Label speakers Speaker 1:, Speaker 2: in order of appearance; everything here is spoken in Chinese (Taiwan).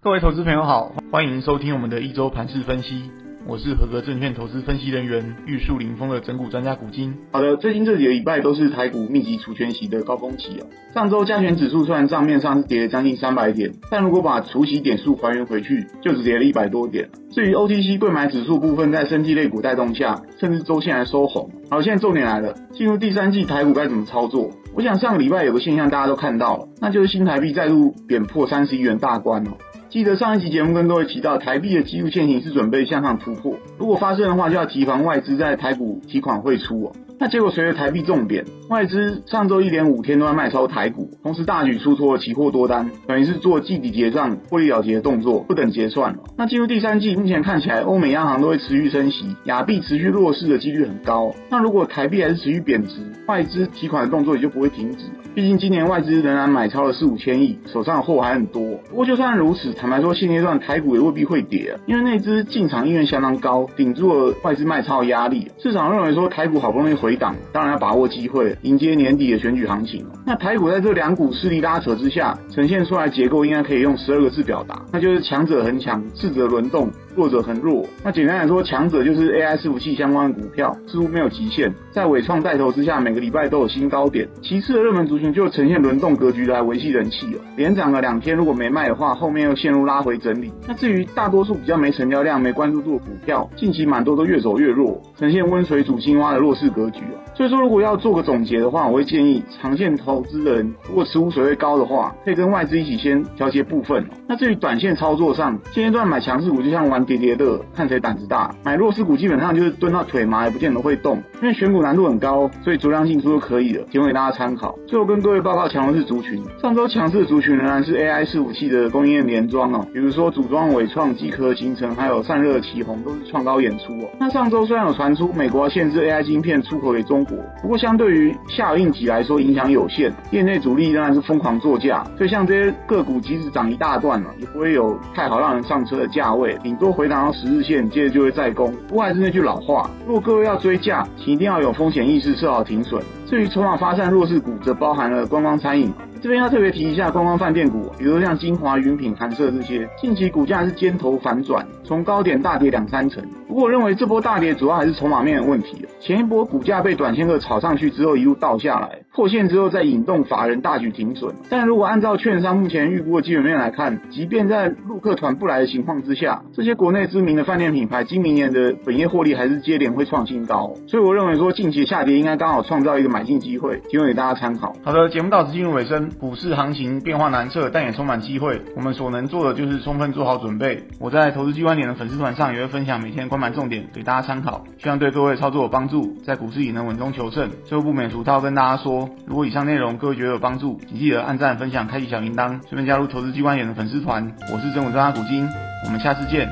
Speaker 1: 各位投資朋友好，歡迎收聽我們的一周盤勢分析。我是合格證券投資分析人員玉樹臨風的拯股專家股晶。好的，最近這幾個禮拜都是台股密集除權息的高峰期哦。上周加權指數雖然賬面上是跌了將近三百點，但如果把除息點數還原回去，就只跌了一百多點。至於 OTC 櫃買指數部分，在生技類股帶動下，甚至周線還收紅。好，現在重點來了，進入第三季台股該怎麼操作？我想上個禮拜有個現象大家都看到了，那就是新台幣再度貶破三十一元大關哦。記得上一集節目跟各位提到，台幣的技術線型是準備向上突破，如果發生的話，就要提防外資在台股提款匯出哦、啊。那結果隨着台幣重貶，外資上周一連五天都在賣超台股，同時大舉出脫了期貨多單，等於是做季底結賬獲利了結的動作，不等結算了。那進入第三季，目前看起來歐美央行都會持續升息，亞幣持續弱勢的幾率很高。那如果台幣還是持續貶值，外資提款的動作也就不會停止。畢竟今年外資仍然買超了四五千億，手上的貨還很多。不過就算如此，坦白說現階段台股也未必會跌、啊，因為內資進場意願相當高，頂住了外資賣超的壓力、啊。市場認為說台股好不容易回。回檔當然要把握機會，迎接年底的選舉行情。那台股在這兩股勢力拉扯之下，呈現出來的結構應該可以用十二個字表達，那就是強者恆強，次者輪動。弱者很弱，那簡單來說，強者就是 AI 伺服器相關的股票，似乎沒有極限。在緯創帶頭之下，每個禮拜都有新高點。其次的熱門族群就呈現輪動格局來維繫人氣哦。連漲了兩天，如果沒賣的話，後面又陷入拉回整理。那至於大多數比較沒成交量、沒關注度的股票，近期蠻多都越走越弱，呈現溫水煮青蛙的弱勢格局哦。所以說，如果要做個總結的話，我會建議長線投資人，如果持股水位高的話，可以跟外資一起先調節部分哦。那至於短線操作上，現階段買強勢股，就像玩疊疊樂，看誰膽子大。買弱勢股基本上就是蹲到腿麻也不見得會動，因為選股難度很高，所以酌量進出就可以了，提供給大家參考。最後跟各位報告強勢族群，上周強勢族群仍然是 AI 伺服器的供應鏈聯裝哦，比如說組裝偉創、機殼、新城，還有散熱奇宏都是創高演出哦。那上周雖然有傳出美國限制 AI 芯片出口給中國，不過相對於下游應急來說影響有限，業內主力仍然是瘋狂作價，所以像這些個股即使漲一大段了，也不會有太好讓人上車的價位，頂多。回檔到十日線，接着就會再攻。不過還是那句老話，如果各位要追價，請一定要有風險意識，設好停損。至於籌碼發散弱勢股，則包含了觀光餐飲。這邊要特別提一下觀光飯店股，比如像晶華、雲品、寒舍這些，近期股價是尖頭反轉，從高點大跌兩三成。不過我認為這波大跌主要還是籌碼面的問題。前一波股價被短線客炒上去之後，一路倒下來，破線之後再引動法人大舉停損。但如果按照券商目前預估的基本面來看，即便在陸客團不來的情況之下，這些國內知名的飯店品牌，今明年的本業獲利還是接連會創新高。所以我認為說近期下跌應該剛好創造一個買改進機會，提供給大家參考。好的，節目到此進入尾聲。股市行情變化難測，但也充滿機會。我們所能做的就是充分做好準備。我在投資 G 觀點的粉絲團上也會分享每天關門重點，給大家參考。希望對各位操作有幫助，在股市也能穩中求勝。最後不免俗套，跟大家說，如果以上內容各位覺得有幫助，請記得按讚、分享、開啟小鈴鐺，順便加入投資 G 觀點的粉絲團。我是拯股專家股晶，我們下次見。